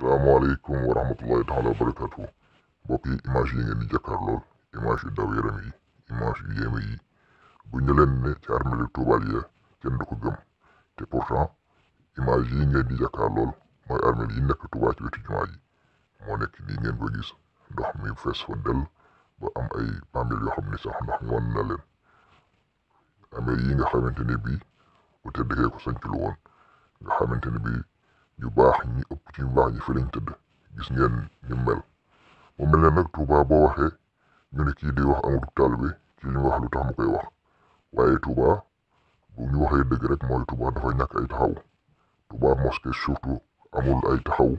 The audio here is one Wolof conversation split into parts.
salaamaaleykum wa rahmatullahi taala wa barakatuhu mbokk yi image yi ngeen di jàkkaar lool image yu daw yaram yi image yu yéeme yi bu ñu leen ne ci armée de Toubal ya kenn du ko gëm te pourtant image yi ngeen di jàkkaar lool mooy armée yi nekk wetu jumaa moo nekk nii ngeen ko gis ndox mi fees fa del am ay bàmmeel yoo xam sax ndox mi wan leen armée yi nga xamante ne bii bu tedd kee ko sanc lu nga xamante ne bii ñu baax ñi ëpp ci ñu baax ñi fi tëdd gis ngeen ni mel mu mel ne nag Touba boo waxee ñu ne kii di wax amul taalibe ci li mu wax lu tax mu koy wax waaye Touba bu ñu waxee dëgg rek mooy Touba dafa ñàkk ay taxaw Touba mosquée surtout amul ay taxaw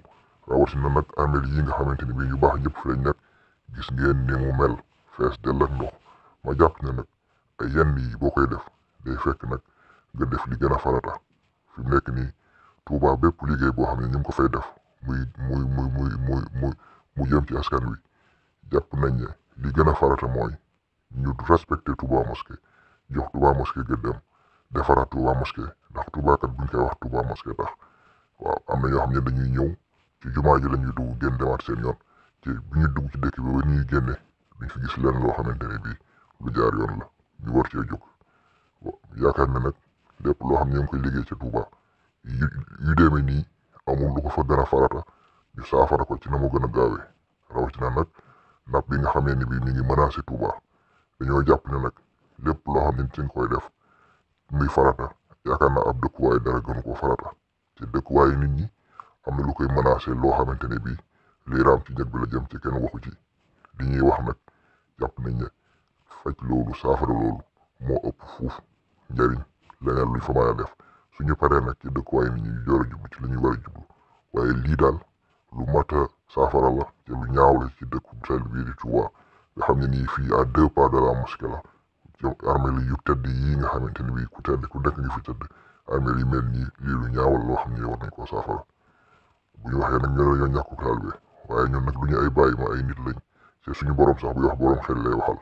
rawatina nag amel yi nga xamante ni bii ñu baax ñëpp fi lañ nekk gis ngeen ni mu mel fees dell ak ndox ma jàpp ne nag ay yenn yi boo koy def day fekk nag nga def li a farata fi mu nekk Touba bépp liggéey boo xam ne ñu ngi ko fay def muy muy muy muy muy muy mu jëm askan wi jàpp nañ ne li a farata mooy ñu respecté Touba mosquée jox Touba mosquée gëddam defaraat Touba mosquée ndax Touba kat buñ koy wax Touba mosquée tax waaw am na ñoo xam ne dañuy ci jumaa ji la ñuy dugg génn demaat seen yoon ci bi ñuy dugg ci dëkk bi ba ñuy génne duñ fi gis lenn loo xamante ne bii lu jaar yoon la ñu war cee jóg yaakaar ne nag lépp loo xam ne ko ngi koy liggéey yu yu demee nii amul lu ko fa gën farata ñu saafara ko ci na mu gën a gaawee rawatina nag napp bi nga xamee ni bii mi ngi menacé Touba dañoo jàpp ne nag lépp loo xam ne ci nga koy def muy farata yaakaar naa ab dëkkuwaay dara gënu ko farata ci dëkkuwaayu nit ñi am na lu koy menacé loo xamante ne bii liy raam ci njëg bi la jëm ci kenn waxu ci li ñuy wax nag jàpp nañ ne faj loolu saafara loolu moo ëpp fuuf njariñ leneen luñ fa mën a def. suñu paree nag ci dëkkuwaay ni ñuy door a jublu ci li ñuy war a jublu waaye lii daal lu mat a saafara la ci dëkku sel bii di Touba nga xam ne nii fii à deux pas de la mosquée la armeel yu tedd yii nga xamante ni bii ku tedd ku nekk ngi fi tedd armeel yi mel nii lii lu ñaawal loo xam ne war nañ koo saafara ñu waxee nag ñoo ñoo ñàkku taal bi waaye ñun nag du ñu ay bàyyi ma ay nit lañ te suñu borom sax buy wax borom xel waxal